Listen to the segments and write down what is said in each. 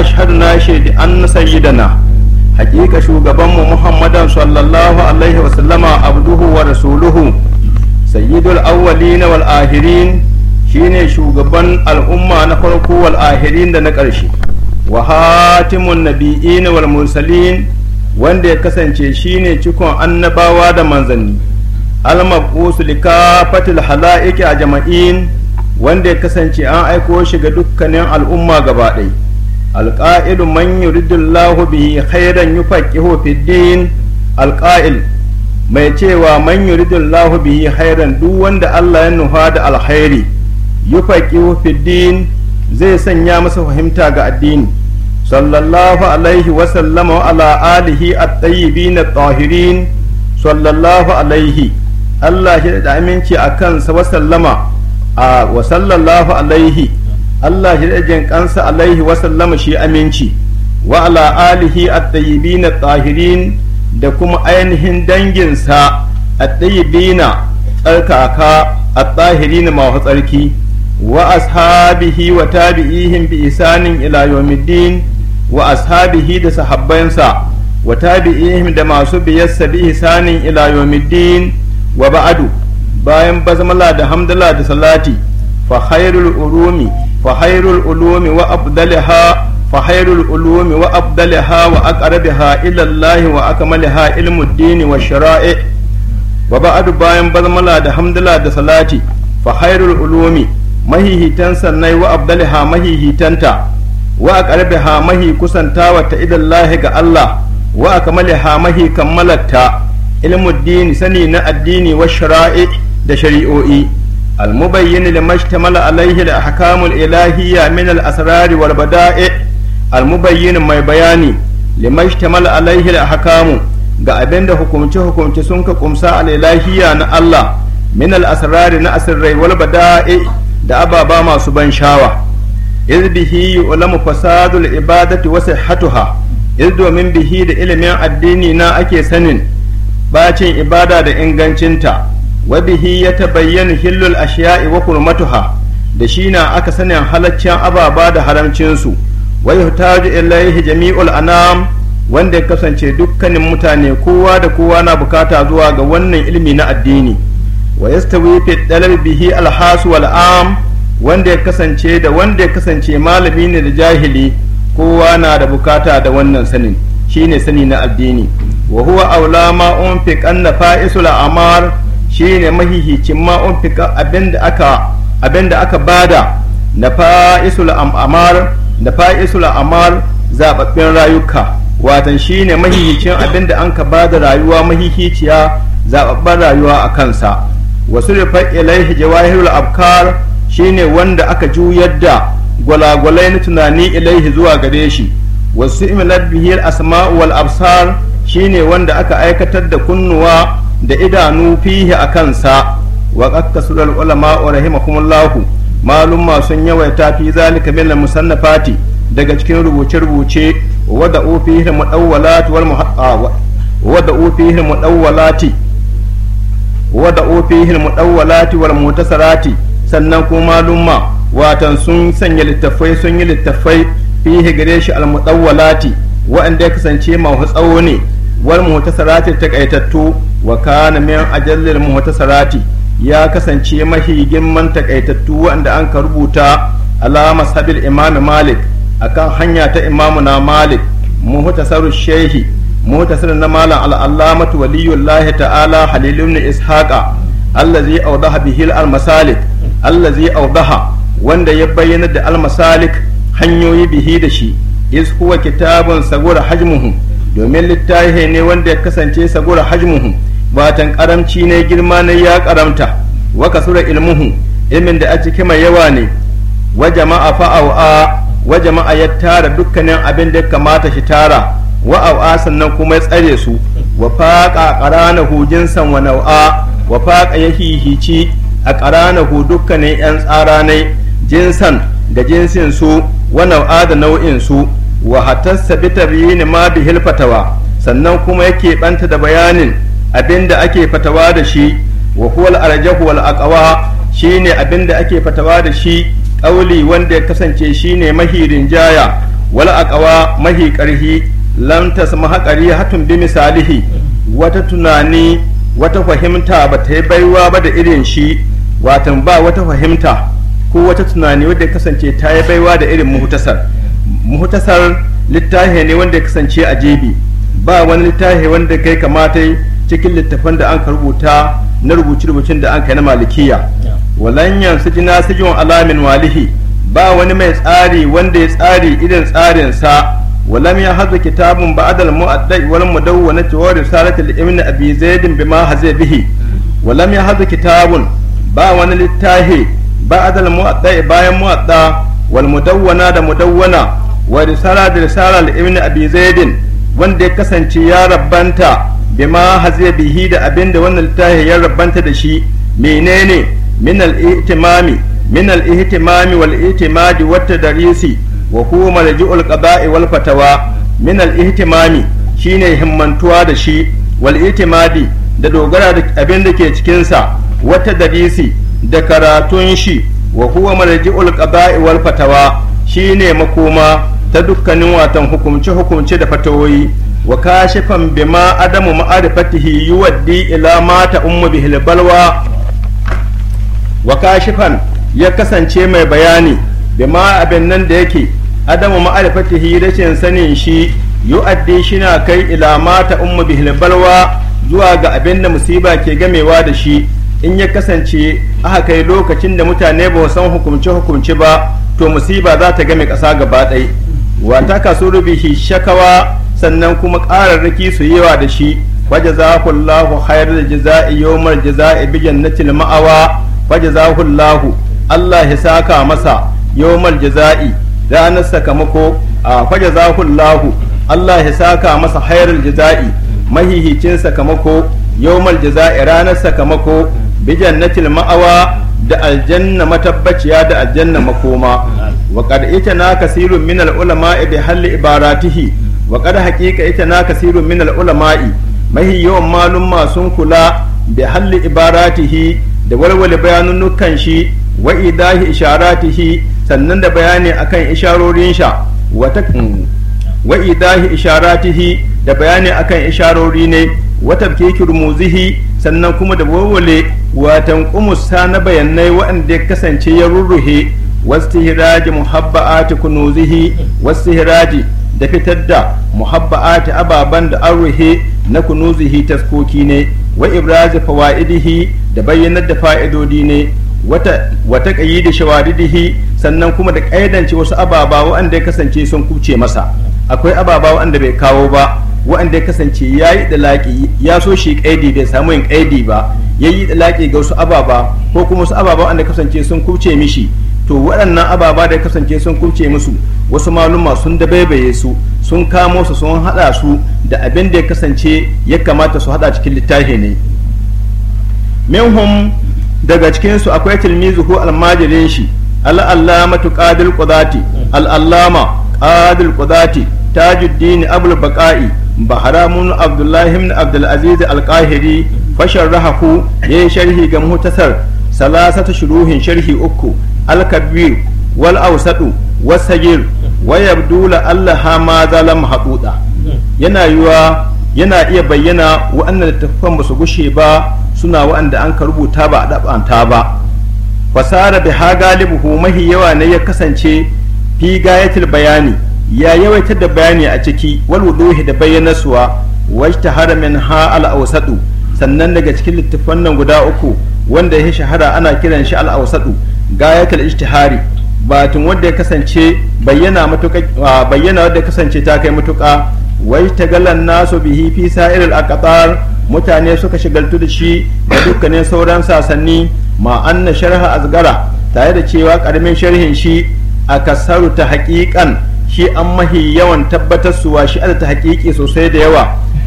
ashhadu na shaidi anna sayyidana hakika shugabanmu muhammadan sallallahu alaihi wasallama abduhu wa rasuluhu sayyidul awwalina wal ahirin shine shugaban al'umma na farko wal da na ƙarshe wa hatimun nabiyyin wal mursalin wanda ya kasance shine cikon annabawa da manzanni al-mabusu likafatil halaiki a jama'in wanda ya kasance an aiko shi ga dukkanin al'umma gaba ɗaya alƙa'ilu man yuridullahu bihi khairan yufaqihu fid din alƙa'il mai cewa man yuridullahu bihi khairan duk wanda Allah ya nufa da alkhairi yufaqihu fid din zai sanya masa fahimta ga addini sallallahu alaihi wa sallama ala alihi at-tayyibin at-tahirin sallallahu alaihi Allah ya da aminci akan sa wa sallama a wa sallallahu alaihi Allah shi rajin kansa alaihi wasallama shi aminci wa ala alihi at-tayyibin at-tahirin da kuma ainihin danginsa at-tayyibin tsarkaka at-tahirin ma tsarki wa ashabihi wa tabi'ihim bi isanin ila yawmiddin wa ashabihi da sahabbansa wa tabi'ihim da masu biyarsa bi isanin ila yawmiddin wa ba'adu bayan bazmala da hamdala da salati fa khairul urumi fa hayrul ulumi wa abdalaha wa abdalaha wa aqrabaha wa akmalaha ilmud dini wa shara'i wa bayan bazmala da hamdala da salati fa hayrul ulumi mahihitan sannai wa abdalaha mahihitanta wa aqrabaha mahi kusantawa ta ila ga Allah wa akmalaha mahi sani na addini wa da shari'o'i المبين لما اشتمل عليه الأحكام الإلهية من الأسرار والبدائع المبين ما بياني لما اشتمل عليه ga abinda da hukumce-hukumce sun ka kumsa al'ilahiya na Allah min al'asirari na asirrai wal bada'i da ababa masu ban shawa iz bihi ulamu fasadul ibadati wasu hatuha iz domin bihi da ilimin addini na ake sanin bacin ibada da ingancinta wa bihi ya tabayyana hillul ashya'i wa hurmatuha da shi na aka sanin halaccin ababa da haramcinsu wa jami'ul anam wanda ya kasance dukkanin mutane kowa da kowa na bukata zuwa ga wannan ilmi na addini wa yastawi fi dalal bihi alhasu wal am wanda ya kasance da wanda ya kasance malami ne da jahili kowa na da bukata da wannan sanin shine sani na addini wa huwa aula ma unfiq an fa'isul amar Shi ne mahihicin ma abin da aka ba da bada na fa'isul amar da fa'isul amar zaɓaɓɓen rayuka watan shi ne mahihicin abin da an ka da rayuwa mahihiciya zaɓaɓɓen rayuwa a kansa wasu rufa ilaihi jawahirul abkar ne wanda aka juyar da gwalagwalai na tunani ilaihi zuwa gare shi wasu imilar bihir asma wal absar ne wanda aka aikatar da kunnuwa da idanu fihi a kansa wa qakka sulal ulama wa rahimahumullahu malum ma sun yawaita fi zalika min musannafati daga cikin rubuce-rubuce wadda ofihin mudawwalati wal muhaqqa wadda ofihin mudawwalati wadda ofihin mudawwalati wal mutasarati sannan kuma malumma watan sun sanya littafai sun yi littafai fihi gare shi al mudawwalati wa'anda ya kasance masu tsawo ne wal muhtasarati takaitattu wa kana min ajallil muhtasarati ya kasance mahi girman takaitattu wanda an ka rubuta ala mashabil imam malik akan hanya ta imamu na malik muhtasarul shehi muhtasar na malam al'allamatu waliyullahi ta'ala halil ibn ishaqa allazi awdaha bihi al-masalik allazi awdaha wanda ya bayyana da al-masalik hanyoyi bihi da shi is huwa kitabun sagura hajmuhu domin littahi ne wanda ya kasance sagura hajmuhu batan karamci ne girma ne ya karamta wa kasura ilmuhu ilmin da a cike mai yawa ne wa jama'a fa'awa wa jama'a ya tara dukkanin abin da kamata shi tara wa au'a sannan kuma ya tsare su wa faqa hu jinsan wa nau'a wa faqa yahihici a hu dukkanin yan tsara ne jinsan ga jinsin su wa nau'a da nau'in su wa hatassa bi hilfatawa ma bihil fatawa sannan kuma yake banta da bayanin abinda ake fatawa da shi wa al arjahu wal aqwa shine abinda ake fatawa da shi ƙauli wanda ya kasance shine mahirin jaya wal aqwa mahi karhi lam haqari hatun bi misalihi wata tunani wata fahimta ba ta yi baiwa ba da irin shi watan ba wata fahimta ko wata tunani wadda ya kasance ta yi baiwa da irin muhtasar muhtasar littafi ne wanda ya kasance a jebi ba wani littafi wanda kai kamata cikin littafan da an rubuta na rubuce-rubucin da an kai na malikiya walan yansu jina sijin alamin walihi ba wani mai tsari wanda ya tsari irin tsarinsa walam ya haza kitabun ba'adal mu'addai wal mudawwana wa risalatul ibn abi zaid bima haza bihi walam ya haza kitabun ba wani littafi ba'adal mu'addai bayan mu'adda wal mudawwana da mudawwana wa risala da risalar ibn abi zaidin wanda ya kasance ya rabbanta bima haziya bihi da abin da wannan littafi ya rabbanta da shi menene min al-ihtimami min al-ihtimami wal ihtimadi wa tadrisi wa huwa marji'ul qada'i wal fatawa min al-ihtimami shine himmantuwa da shi wal ihtimadi da dogara da abin da ke cikin sa wat da karatun shi wa huwa marji'ul qada'i wal fatawa shine makoma ta dukkanin watan hukumce hukumce da fatawoyi wa kashifan bima adamu ma'arifatihi yuwaddi ila mata ummu bi balwa wa kashifan ya kasance mai bayani bima abin nan da yake adamu ma'arifatihi rashin sanin shi shi na kai ila mata ummu bi balwa zuwa ga abin da musiba ke gamewa da shi in ya kasance aka kai lokacin da mutane ba san hukumce hukumce ba to musiba za ta game ƙasa gaba ɗaya wata kasu rubihi shakawa sannan kuma ƙararraki su yawa da shi wajazahu Allahu da jaza'i yawmal jaza'i bi jannatil ma'awa wajazahu Allahu Allah ya saka masa yawmal jaza'i ranar sakamako a wajazahu Allahu Allah ya saka masa khairul jaza'i mahihicin sakamako yawmal jaza'i ranar sakamako bi jannatil ma'awa da aljanna matabbaciya da aljanna makoma wa ita itana kasirun min al-ulama'i bi halli ibaratihi wa qad haqiqa itana kasirun min al-ulama'i mahi yawan malumma sun kula bi halli ibaratihi da walwale bayanunukan shi wa idahi sannan da bayani akan isharorin sha wa idahi isharatihi da bayani akan ne wa sannan kuma da walwale watan kumusa na bayanai waɗanda ya kasance ya rurruhe واستهراج محبآت كنوزه واستهراج da fitar da muhabba'ati ababan da an ruhe na kunuzihi taskoki ne wa ibrazi fawaidihi da bayyanar da fa'idodi ne wata wata kayi da shawaridihi sannan kuma da kaidance wasu ababa wanda ya kasance sun kuce masa akwai ababa wanda bai kawo ba wanda ya kasance ya yi dalaki ya so shi kaidi bai samu yin kaidi ba ya yi dalaki ga wasu ababa ko kuma wasu ababa wanda kasance sun kuce mishi to waɗannan ababa da kasance sun kunce musu wasu maluma sun dabaibaye su sun kamo su sun haɗa su da abin da ya kasance ya kamata su haɗa cikin littafi ne minhum daga cikinsu akwai tilmizu ko almajirin shi al'allama tuqadil qudati al'allama qadil qudati tajuddin abul baqa'i bahramun abdullahi ibn abdul aziz al-qahiri fashar rahahu yayin sharhi ga muhtasar salasata shuruhin sharhi uku alkabir wal ausadu wasagir sagir wa yabdula allaha ma zalam haquda yana yiwa yana iya bayyana wa'annan littattafan ba su gushe ba suna wa'anda an ka rubuta ba a ba fasara bi ha galibuhu mahi yawa ne ya kasance fi gayatul bayani ya yawaitar da bayani a ciki wal wuduhi da bayyanarsuwa tahara min ha al sannan daga cikin littattafan nan guda uku wanda ya shahara ana kiran shi al gayatul ijtihari batun wanda ya kasance bayyana matuƙa bayyana wanda ya kasance ta kai matuƙa wai galan nasu bihi fi sa'iril aqtar mutane suka shigaltu da shi da dukkanin sauran sasanni ma anna sharha azgara tare da cewa karamin sharhin shi a kasaru ta haƙiƙan shi an mahi yawan tabbatar wa shi ta haƙiƙi sosai da yawa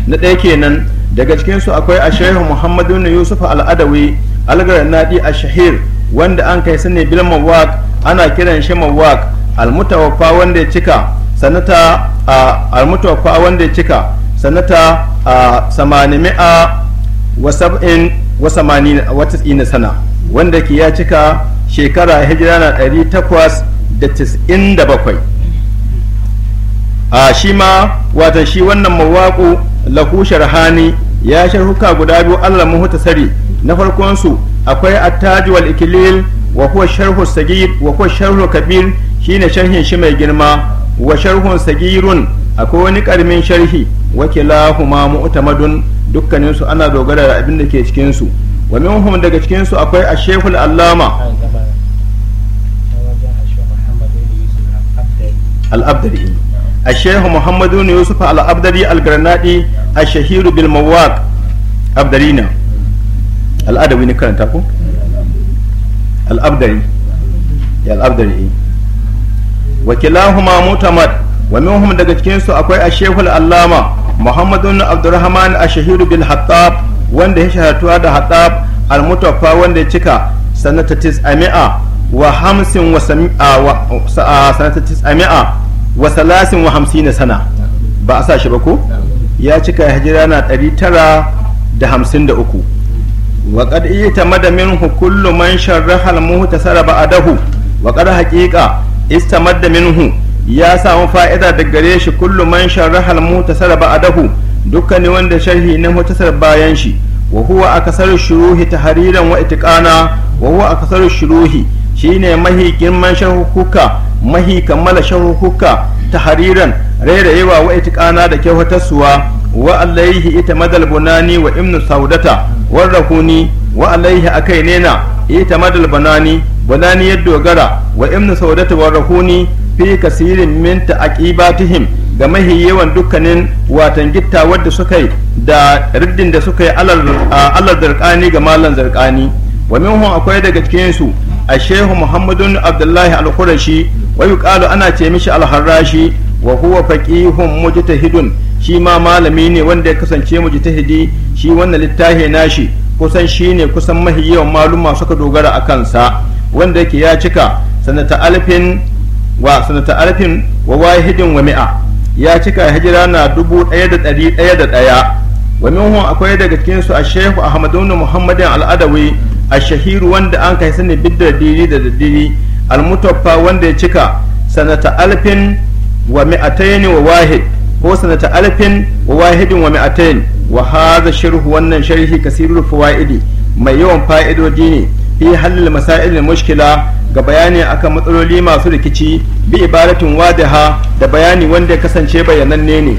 na ɗaya kenan daga cikinsu akwai a shehu muhammadu yusuf al'adawi algaranadi a shahir wanda an kai sani bil mawaq ana kiran shi mawaq almutawaffa wanda ya cika sanata almutawaffa wanda ya cika sanata samanimi'a a sab'in wa samanin wa tis'ina sana wanda ke ya cika shekara hijira na ɗari takwas da tis'in da bakwai a shi ma wata shi wannan mawaƙu lahu sharhani ya sharhuka guda biyu allah sare na farkonsu akwai attaju wal ikilil wa huwa sharhu sagir wa huwa sharhu kabir shine sharhin shi mai girma wa sharhun sagirun akwai wani karmin sharhi wa kilahuma mu'tamadun dukkanin su ana dogara da abin da ke cikin su wa minhum daga cikin su akwai ash-shaykhul allama al-abdari الشيخ محمد يوسف الأبدري الجرناطي الشهير بالمواق أبدرينا al'adawi ne karanta ko al'abdari ya al'abdari eh. wakilahuma mutamad wa minhum daga cikin su akwai ashehul allama muhammadun abdurrahman ashahir bil hattab wanda ya shahartuwa da hattab al-murtala almutaffa wanda ya cika sanata tis'ami'a wa hamsin wa sanata tis'ami'a wa salasin wa sana ba a sa shi ba ko ya cika hijira na ɗari tara da hamsin da uku وقد اعتمد منه كل من شرح المهتسر بعده وقد حقيقة استمد منه يا سام فائدة دقريش كل من شرح المهتسر بعده دكني وند شرحي نمهتسر باينشي وهو أكثر الشروح تحريرا وإتقانا وهو أكثر الشروح shine mahi girman shahuhuka mahi kammala shahuhuka tahariran rairayewa wa وإتقانا دكيوه تسوى wa alaihi ita madal bunani wa ibnu saudata warrahuni wa alaihi akai nena ita madal bunani bunani ya dogara wa ibnu saudata warrahuni fi kasirin min ta'aqibatihim ga mahi yawan dukkanin watan gitta wadda suka yi da riddin da suka yi alal zarkani ga malan zarkani wa minhum akwai daga cikin su a shehu muhammadun abdullahi al-qurashi wa yuqalu ana ce mishi al-harashi wa huwa faqihun mujtahidun shi ma malami ne wanda ya kasance tahidi shi wannan littafi nashi kusan shi ne kusan mahi yawan maluma suka dogara a kansa wanda yake ya cika sanata alfin wa sanata alfin wa wahidin wa mi'a ya cika hijira na dubu ɗaya da ɗari ɗaya da ɗaya wa mihun akwai daga cikin su shehu ahmadun muhammadin al'adawi a shahiru wanda an kai sani bidda diri da diri almutaffa wanda ya cika sanata alfin wa mi'ataini wa wahid ko sanata alfin wa wahidin wa mi'atain wa hadha sharhu wannan sharhi kasirul fawaidi mai yawan fa'idodi ne fi halil masail mushkila ga bayani akan matsaloli masu rikici bi ibaratun wadaha da bayani wanda ya kasance bayananne ne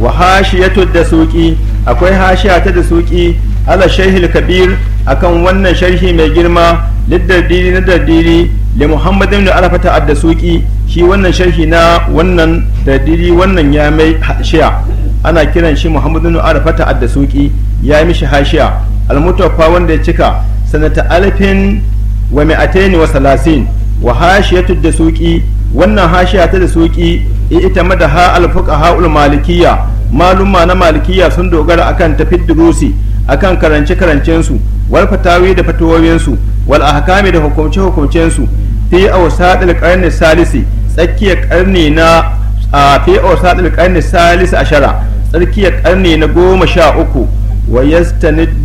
wa hashiyatu da suki akwai hashiya ta da suki ala shahil kabir akan wannan sharhi mai girma liddardiri na dardiri li muhammadin da arafata ad-dasuki shi wannan sharhi na wannan dadiri wannan ya mai hashiya ana kiran shi muhammadu nu arafata Suki ya yi mishi hashiya almutawaffa wanda ya cika sanata alifin wa mi'ataini wa salasin wa hashiyatu suki. wannan hashiya ta da dasuki ita mada ha alfuqaha haul malikiyya maluma na malikiyya sun dogara akan tafid durusi akan karance karancen su wal fatawi da fatawoyin su wal ahkami da hukumce hukumcen su fi haɗin ƙarni salisi tsakiyar karni na a fi osadil karni salis ashara tsakiyar karni na goma sha uku wa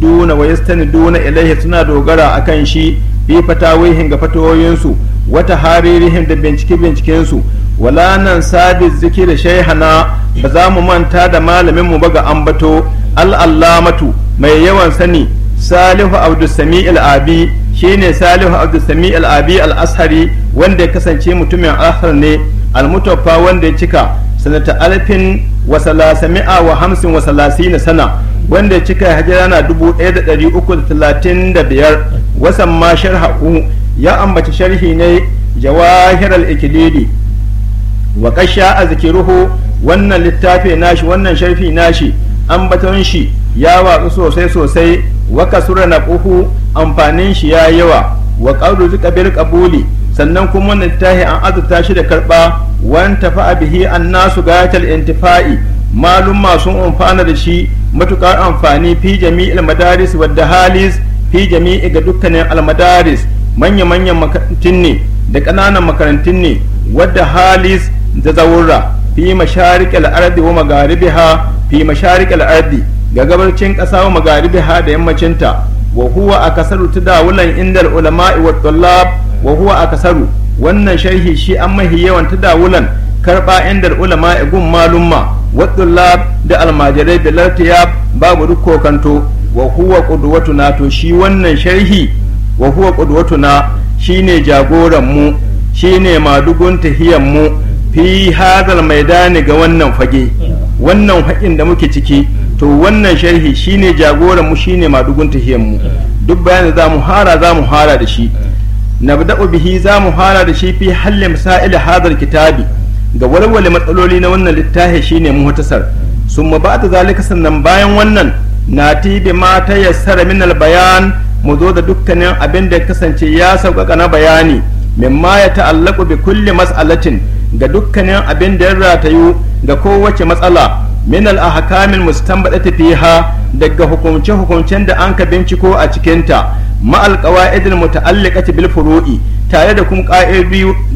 Duna wa duna ilaihi suna dogara a kan shi fi fatawihin ga fatoyinsu, wata haririhin da bincike bincikensu wala nan sabi zikir shaihana ba za mu manta da malamin mu ba ga ambato al'allamatu mai yawan sani salihu abdus sami abi shine salihu abdu sami al'abi abi wanda ya kasance mutumin asar ne almutafa wanda ya cika sanata alfin wa wa hamsin wa salasina sana wanda ya cika hajjara na dubu ɗaya da ɗari uku da talatin da biyar wasan ma sharhahu ya ambaci sharhi ne jawahir al-ikilili wa kasha a zikiruhu wannan littafi nashi wannan sharfi nashi ambaton shi ya watsu sosai sosai wa kasura ƙuhu amfanin shi ya yawa wa qawlu zuka bil ƙabuli sannan kuma wannan tahi an azurta shi da karɓa karba wan a bihi an nasu gayatar intifa'i malum masu amfana da shi matuƙar amfani fi jami'il madaris wa dahalis fi jami'i ga dukkanin almadaris manya-manyan makarantun ne da ƙananan makarantun ne wadda halis da zawurra fi masharik al'ardi wa magaribiha fi masharik al'ardi ga gabarcin ƙasa wa magaribiha da yammacinta wa huwa ta dawulan indal ulama'i wa tullab wa huwa kasaru, wannan sharhi shi an mahi yawan ta tadawulan karɓa indal ulama'i gun malumma wa tullab da almajirai da lartiyab babu duk kanto wa huwa qudwatuna to shi wannan sharhi wa huwa shi ne jagoran mu ne madugun tahiyan mu fi hadal maidani ga wannan fage wannan haƙin da muke ciki to wannan sharhi shine jagoran mu shine madugun tahiyan mu duk bayanin za mu hara za mu hara da shi nabda'u bihi za mu hara da shi fi halin masail hadar kitabi ga walwale matsaloli na wannan littafi shine muhtasar summa ba'da zalika sannan bayan wannan nati bi ma tayassara min al bayan mu zo da dukkanin abin da kasance ya sauƙaƙa na bayani min ma ya ta'allaku bi kulli mas'alatin ga dukkanin abin da ya ratayu ga kowace matsala min al musu tambaɗa tafiha daga hukumce hukumcen da an ka binciko a cikin ta ma al-qawaid al-muta'alliqati bil furu'i tare da kuma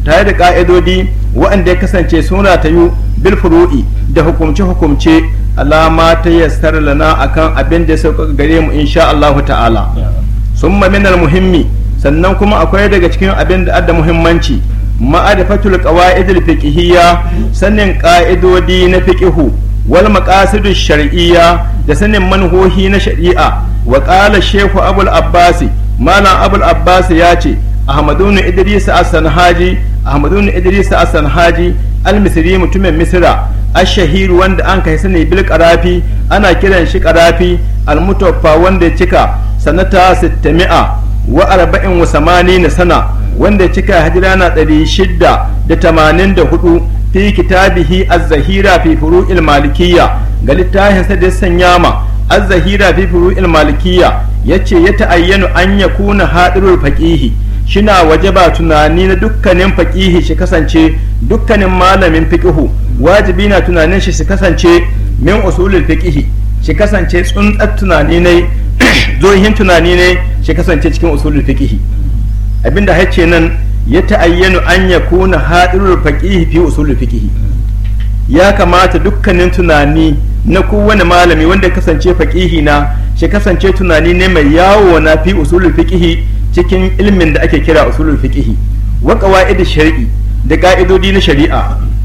tare da ka'idodi waɗanda ya kasance suna ta yu bil furu'i da hukumce hukumce alama ta yassar lana akan abin da ya sauƙaƙa gare mu insha Allah ta'ala summa min muhimmi sannan kuma akwai daga cikin abin da adda muhimmanci ma'arifatul qawaid al-fiqhiyya sanin ka'idodi na fiqhu wal maqasidu shar'iyya da sanin manhohi na shari'a wa qala shehu abul abbasi malam abul abbas ya ce ahmadun idris as-sanhaji ahmadun idris as-sanhaji al-misri mutumin misra ashahiru wanda an kai sani bil qarafi ana kiran shi qarafi al-mutawaffa wanda ya cika sanata 600 wa arba'in sana wanda ya cika hijira na 684 fi kitabihi az-zahira fi furu'il malikiyya ga littafin sa da ya sanya ma az-zahira fi furu'il malikiyya yace ya ta'ayyanu an yakuna hadirul faqihi shina wajaba tunani na dukkanin faqihi shi kasance dukkanin malamin fiqihu wajibi na tunanin shi shi kasance min usulul fiqihi shi kasance tsuntsar tunani ne zohin tunani ne shi kasance cikin usulul fiqihi abinda hace nan ya ta'ayyanu an ya kuna haɗin faqihi fi usulul fiƙihi ya kamata dukkanin tunani na kowane malami wanda kasance faƙihi na shi kasance tunani ne mai yawo na fi usulul fiƙihi cikin ilmin da ake kira usulul fiƙihi wa qawaid shar'i da ka'idodi na shari'a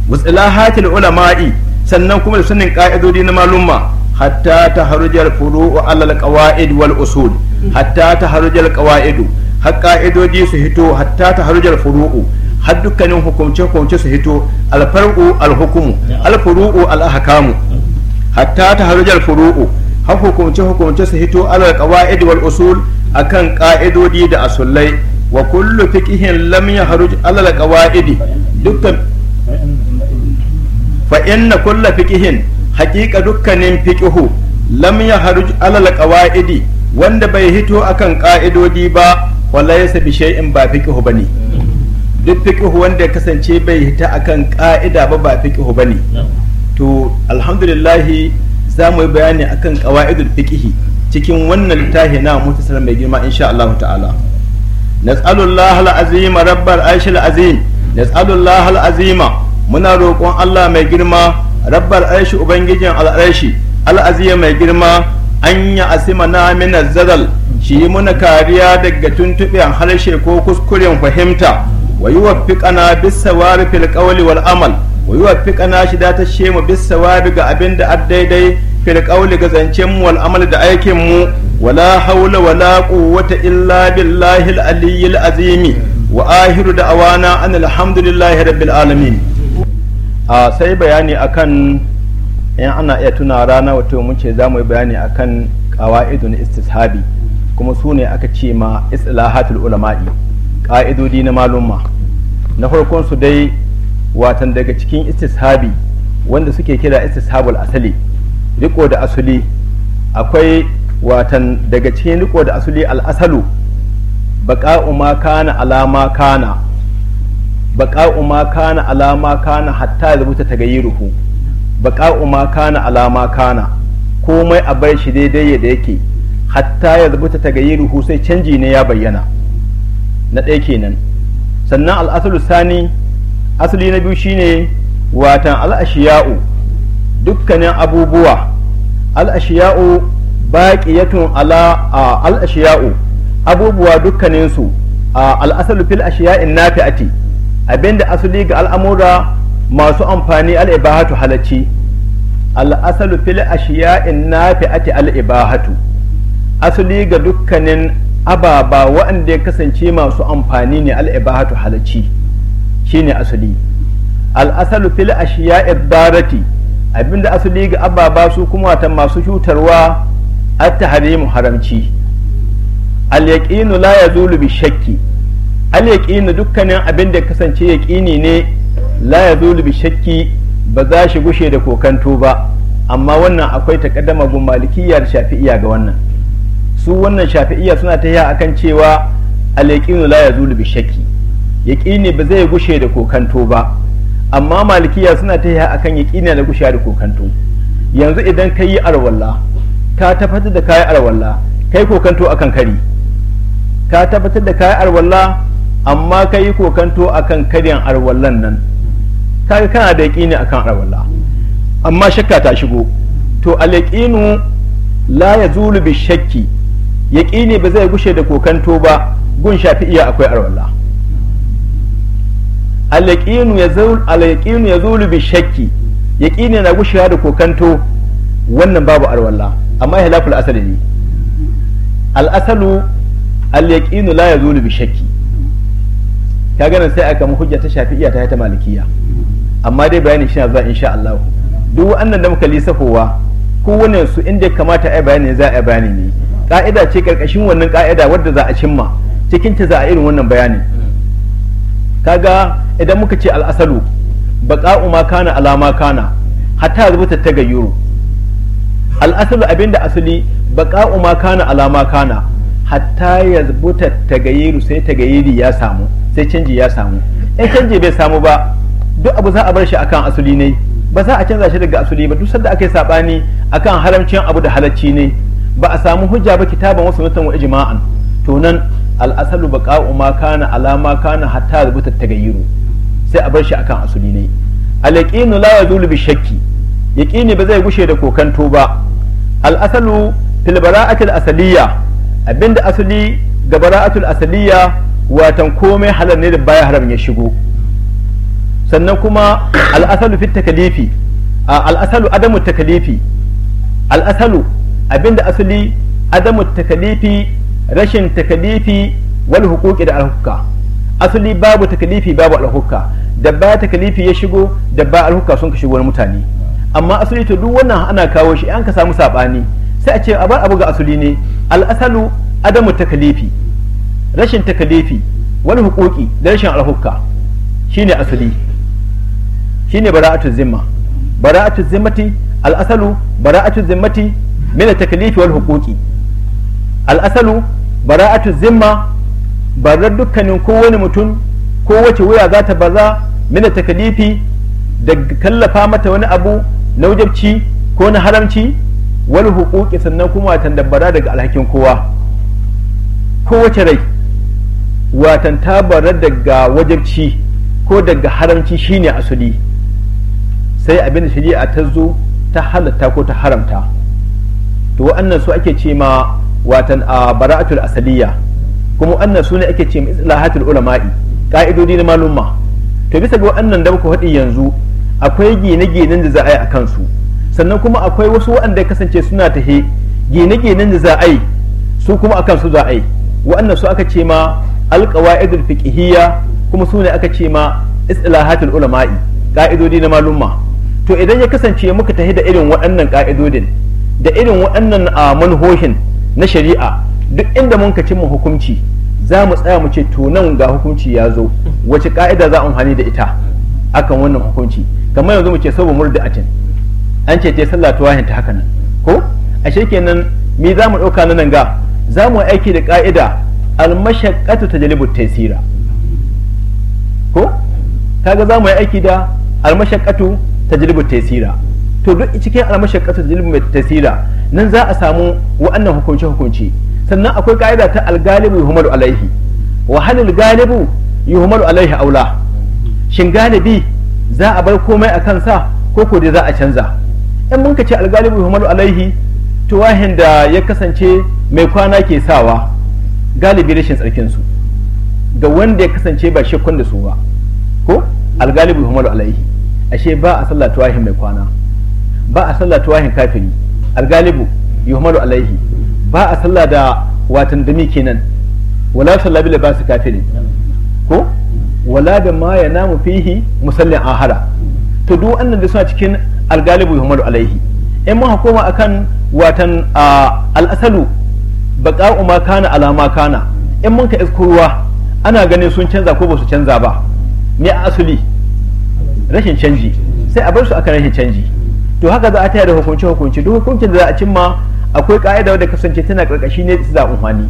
wa tsilahatil ulama'i sannan kuma da sanin ka'idodi na malumma hatta taharujal furu'u alal qawaid wal usul hatta taharujal qawaidu har ka'idodi su hito hatta ta harujar furu'u har dukkanin hukumce-hukumce su hito alfar'u alhukumu alfuru'u alahakamu hatta ta harujar furu'u har hukumce-hukumce su hito alal qawaid wal usul akan ka'idodi da asullai wa kullu fiqihin lam yahruj alal qawaid dukkan fa inna kullu fiqihin haqiqa dukkanin fiqihu lam yahruj alal qawaid wanda bai hito akan ƙa'idodi ba wallahi yasa bi shay'in ba fiqhu bane duk fiqhu wanda ya kasance bai hita akan ka'ida ba ba fiqhu bane to alhamdulillah za mu yi bayani akan qawaidul fiqhi cikin wannan littafi na mutasar mai girma insha Allah ta'ala nas'alullah al-azim rabbal arshil azim nas'alullah al-azim muna roƙon Allah mai girma rabbal arshi ubangijin al-arshi al-azim mai girma an ya asima na min zadal shi yi muna kariya daga tuntuɓen harshe ko kuskuren fahimta wa yi wafiƙana bisa wari fil ƙawali wal amal wa yi wafiƙana shi da ta mu bisa wari ga abin da ad daidai fil ga zancen mu wal da aikin mu wala haula wala quwwata illa billahi al aliyyil azimi wa ahiru da awana an alhamdulillahi rabbil alamin a sai bayani akan in ana iya tuna rana wato mun ce za mu yi bayani akan qawaidun istishabi kuma su ne aka ce ma islahatul ulama'i ƙa'idodi na malumma na farkon su dai watan daga cikin istishabi wanda suke kira istishabul asali riko da asali akwai watan daga cikin riko da asali al'asalu baƙa'u ma kana alama kana baƙa'u ma kana alama kana hatta ya rubuta tagayyiruhu ma kana alama kana komai a bar shi daidai yadda yake hatta ya rubuta ruhu sai canji ne ya bayyana na ɗaya kenan sannan al'asulu sani asali na biyu shine watan al'ashiya'u dukkanin abubuwa al'ashiya'u baƙiyatun ala al'ashiya'u abubuwa dukkaninsu al'asalu fil ashiya'in nafi'ati abinda asali ga al'amura masu amfani al'ibahatu halacci al'asalu fil ashiya'in nafi'ati al'ibahatu asali ga dukkanin ababa waɗanda ya kasance masu amfani ne al'ibahatu halacci shi ne asali al'asalu fil ashiya ibarati abinda asali ga ababa su kuma ta masu cutarwa at mu haramci al la bi shakki al dukkanin abinda ya kasance yaƙini ne la yazulu bi shakki ba za shi gushe da kokanto ba amma wannan akwai takaddama gun malikiyar shafi'iya ga wannan su wannan shafi'iyya suna ta a akan cewa alaƙinu la ya zulu bishaki yaƙini ba zai gushe da kokanto ba amma malikiya suna ta a akan yaƙini da gushe da kokanto yanzu idan ka yi arwalla ka tabbatar da kayi arwalla kai kokanto akan kari ka tabbatar da kayi arwalla amma ka yi kokanto akan karyan arwallan nan ka kana da yaƙini akan arwalla amma shakka ta shigo to alaƙinu la ya zulu shakki ƙine ba zai gushe da kokanto ba gun iya akwai arwala al ya yazul al-yaqinu yazulu bi shakki yaƙini na gushewa da kokanto wannan babu arwala amma lafi asali ne al'asalu al'yaƙinu la ya zulu bi shakki ka ganin sai aka mu hujja ta iya ta ta malikiya amma dai bayani shi na zuwa insha Allah duk wa'annan da muka lissafowa kowane su inda kamata ai bayani za a bayani ne ka'ida ce karkashin wannan ka'ida wadda za a cimma cikin ta za a irin wannan bayani kaga idan muka ce al'asalu baka ma kana alama kana hatta rubuta ta gayyuru al'asalu abinda asali baka ma kana alama kana hatta ta gayyuru sai ta tagayiri ya samu sai canji ya samu in canji bai samu ba duk abu za a bar shi akan asali ne ba za a canza shi daga asali ba duk sanda aka yi sabani akan haramcin abu da halacci ne ba a samu hujja ba kitaban wasu nutan wa ijma'an to nan al'asalu baqa'u ma kana alama kana hatta rubuta tagayyuru sai a bar shi akan asuli ne al-yaqinu la yazulu bi shakki yaqini ba zai gushe da kokanto ba al-asalu fil bara'atil asaliya abinda asali ga bara'atul asaliyya watan komai halal ne da baya haram ya shigo sannan kuma al'asalu fit takalifi al'asalu adamu takalifi al'asalu abinda asali adamu takalifi rashin takalifi wal huquqi da alhukka asali babu takalifi babu alhukka da ba takalifi ya shigo da ba alhukka sun ka shigo mutane amma asali to duk wannan ana kawo shi an ka samu sabani sai a ce a bar abu ga asali ne al'asalu adamu takalifi rashin takalifi wal huquqi da rashin alhukka shine asali shine bara'atu zimma bara'atu zimmati al'asalu bara'atu zimmati min at-taklif wal huquqi al-asalu bara'atu zimma barar dukkanin kowane mutum ko wace wuya za ta baza mina takalifi da kallafa mata wani abu na wajabci ko na haramci wani sannan kuma watan dabbara daga alhakin kowa ko wace rai watan ta bara daga wajabci ko daga haramci shine asali sai abinda da shari'a ta zo ta halatta ko ta haramta to wa'annan su ake ce ma watan a bara'atul asaliya kuma wa'annan su ne ake ce ma islahatul ulama'i ka'idodi na malumma to bisa ga wa'annan da muka faɗi yanzu akwai gine-ginen da za a yi a kansu sannan kuma akwai wasu waɗanda ya kasance suna tahe gine-ginen da za a yi su kuma a kansu za a yi waɗannan su aka ce ma alƙawa'idul fiqhiyya kuma su ne aka ce ma islahatul ulama'i ka'idodi na malumma to idan ya kasance muka tahi da irin waɗannan ka'idodin da irin waɗannan manhoshin na shari'a duk inda mun ka cimma hukunci za mu tsaya mu ce to nan ga hukunci ya zo wace ka'ida za a amfani da ita akan wannan hukunci kamar yanzu mu ce a murda'atin an ce ta sallah ta ta haka nan ko ashe nan me za mu ɗauka nan ga za mu aiki da ka'ida almashaqqatu tajlibu taysira ko kaga za mu yi aiki da almashaqqatu tajlibu taysira to duk cikin almashaqqatu mai tasira nan za a samu wa'annan hukunci hukunci sannan akwai ka'ida ta al-galibu yuhmalu alaihi wa halil galibu yuhmalu alaihi aula shin galibi za a bar komai a kansa ko ko dai za a canza in mun ka ce al-galibu alaihi to wahin da ya kasance mai kwana ke sawa galibi rashin tsarkin su ga wanda ya kasance ba shakkun da su ba ko al-galibu alaihi ashe ba a sallah tuwahin mai kwana ba a sallah tuwahin kafiri algalibu yuhmalu alaihi ba a sallah da watan dami kenan wala sallah bi basu kafiri, ko wala da ma ya namu fihi musallin ahara to duk wannan da suna cikin algalibu yuhmalu alaihi in mun hukuma akan watan al-asalu al'asalu baqa'u ma kana alama kana in mun ka iskurwa ana ganin sun canza ko ba su canza ba a asali rashin canji sai a bar su akan rashin canji to haka za a taya da hukunci hukunci duk hukuncin da za a cimma akwai ka'ida wadda kasance tana karkashi ne da umhani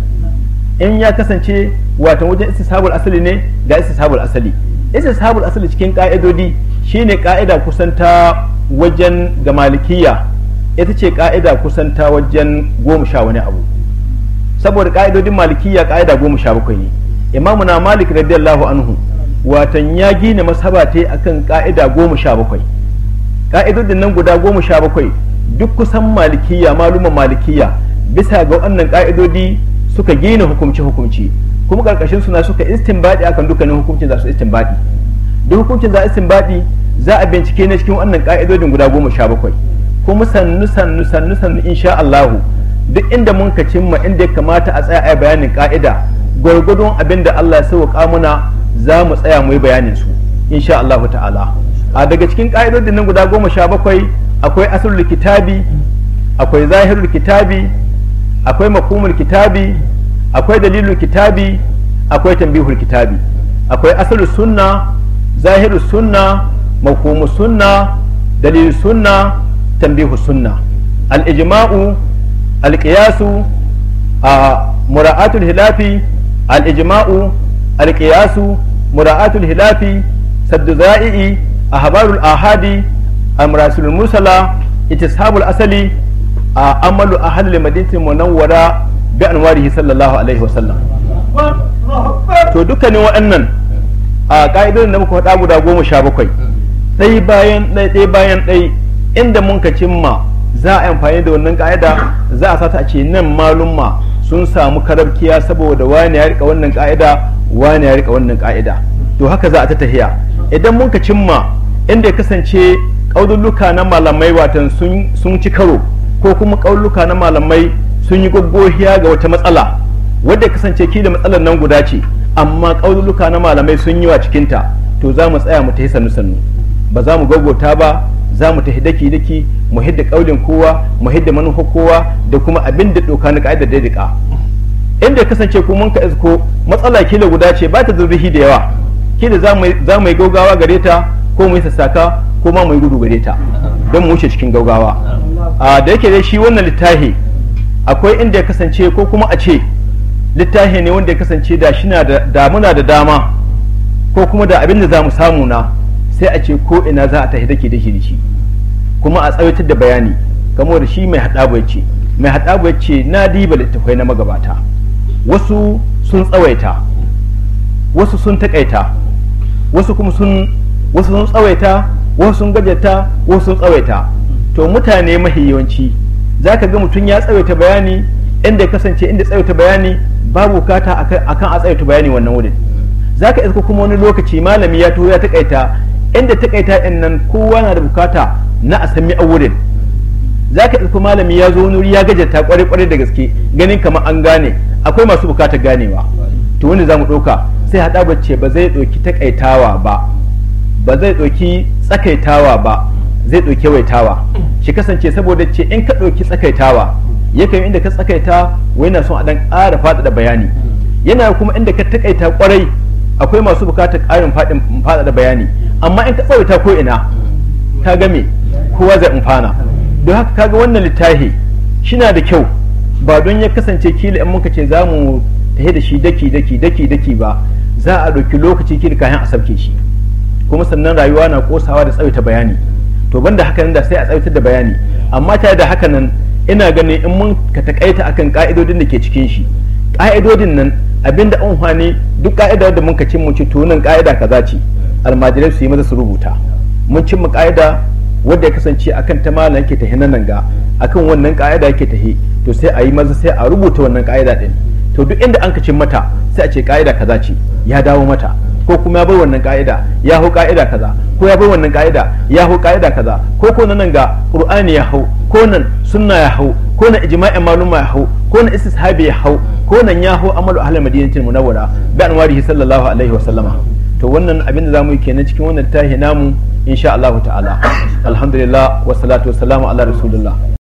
in ya kasance wato wajen istishabul asali ne ga istishabul asali istishabul asali cikin ka'idodi shine ka'ida kusanta wajen ga malikiya ita ce ka'ida kusanta wajen goma sha wani abu saboda ka'idodin malikiya ka'ida goma sha bakwai ne imamu na malik radiyallahu anhu watan ya gina masaba ta akan ka'ida goma sha bakwai ka'idodin nan guda goma sha bakwai duk kusan malikiya maluman malikiya bisa ga wannan ka'idodi suka gina hukunci hukumci kuma karkashin suna suka istinbadi akan dukkanin hukuncin za su istinbadi duk hukuncin za istinbadi za a bincike na cikin wannan ka'idodin guda goma sha bakwai kuma sannu sannu sannu sannu insha Allahu duk inda mun ka cimma inda ya kamata a tsaya a bayanin ka'ida gwargwadon abin da Allah ya sauka mana za mu tsaya mu yi bayanin su insha Allahu ta'ala a daga cikin ƙa'idodin nan guda goma sha bakwai akwai asirul kitabi akwai zahirul kitabi akwai makumul kitabi akwai dalilul kitabi akwai tambihul kitabi akwai asirul sunna zahirul sunna makumus sunna dalilul sunna tambihus sunna al-ijma'u al-qiyasu a mura'atul hilafi al-ijma'u al-qiyasu mura'atul hilafi saddu za'i'i A ahbarul ahadi musala mursala sabul asali a uh, amalu a ahadul madinatul munawwara bi anwarihi sallallahu alaihi wasallam to dukkanin waɗannan a uh, ka'idar da muka faɗa guda goma sha bakwai ɗai bayan ɗai ɗai bayan ɗai inda mun ka cimma za a amfani da wannan ka'ida za a sata a ce nan malumma sun samu karabkiya saboda wani ya rika wannan ka'ida wani ya rika wannan ka'ida to haka za a ta tahiya idan mun ka cimma inda ya kasance ƙaudulluka na malamai watan sun ci karo ko kuma ƙaudulluka na malamai sun yi gogohiya ga wata matsala wadda ya kasance kila matsalar nan guda ce amma ƙaudulluka na malamai sun yi wa cikinta to za mu tsaya mu tafi sannu sannu ba za mu gogota ba za mu tafi daki daki mu hidda ƙaunin kowa mu hidda manufa kowa da kuma abin da doka na ka'idar da inda kasance ko mun ka isko matsala kila guda ce ba ta zurrihi da yawa ke da za mu yi gaugawa gare ta ko mu yi sassaka ko ma mu yi gudu gare ta don mu wuce cikin gaugawa a da yake dai shi wannan littahi akwai inda ya kasance ko kuma a ce littafi ne wanda ya kasance da shi na da muna da dama ko kuma da abin da za mu samu na sai a ce ko ina za a tafi dake ke da shi kuma a tsawaitar da bayani kamar da shi mai haɗabu ce mai haɗabu ce na diba littafai na magabata wasu sun tsawaita wasu sun taƙaita wasu kuma sun wasu sun tsawaita wasu sun gajata wasu sun tsawaita to mutane mahi yawanci ka ga mutum ya tsawaita bayani inda kasance inda tsawaita bayani babu bukata akan a tsawaita bayani wannan wurin ka iska kuma wani lokaci malami ya taho ya takaita inda takaita in nan kowa na da bukata na a sami wurin ka iska malami ya zo wani ya gajata kwarai kwarai da gaske ganin kamar an gane akwai masu bukatar ganewa to wanda za mu ɗauka sai haɗa ce ba zai ɗauki takaitawa ba ba zai ɗauki tsakaitawa ba zai ɗauki waitawa shi kasance saboda ce in ka ɗauki tsakaitawa yakan inda ka tsakaita wai na son a ɗan ƙara faɗaɗa bayani yana kuma inda ka takaita ƙwarai akwai masu buƙatar ƙarin faɗaɗa bayani amma in ka tsawaita ko ina ka game kowa zai amfana don haka kaga wannan littafi shi na da kyau ba don ya kasance kila in muka ce za mu yi da shi daki daki daki daki ba za a ɗauki lokaci ki kayan a sauke shi kuma sannan rayuwa na kosawa da tsawaita bayani to banda nan da sai a tsawaitar da bayani amma tare da haka nan ina ganin in mun ka takaita akan ka'idodin da ke cikin shi ƙa'idodin nan abinda an hwani duk ka'ida da mun ka cin mun ci to nan ka'ida kaza ce almajirai su yi maza su rubuta mun cin mu ka'ida wanda ya kasance akan ta malam yake tahi nan ga akan wannan ka'ida yake tahi to sai a yi maza sai a rubuta wannan ka'ida ɗin. to duk inda an kacin mata sai a ce ka'ida kaza ce ya dawo mata ko kuma ya bar wannan ka'ida ya hau ka'ida kaza ko ya bar wannan ka'ida ya hau ka'ida kaza ko ko nan ga qur'ani ya hau ko nan sunna ya hau ko nan ijma'in maluma ya hau ko nan istishabi ya hau ko nan ya hau amalu ahlul madinatil munawwara bi anwarihi sallallahu alaihi wa sallama to wannan abin da zamu yi kenan cikin wannan tahi namu insha Allah ta'ala alhamdulillah wassalatu wassalamu ala rasulillah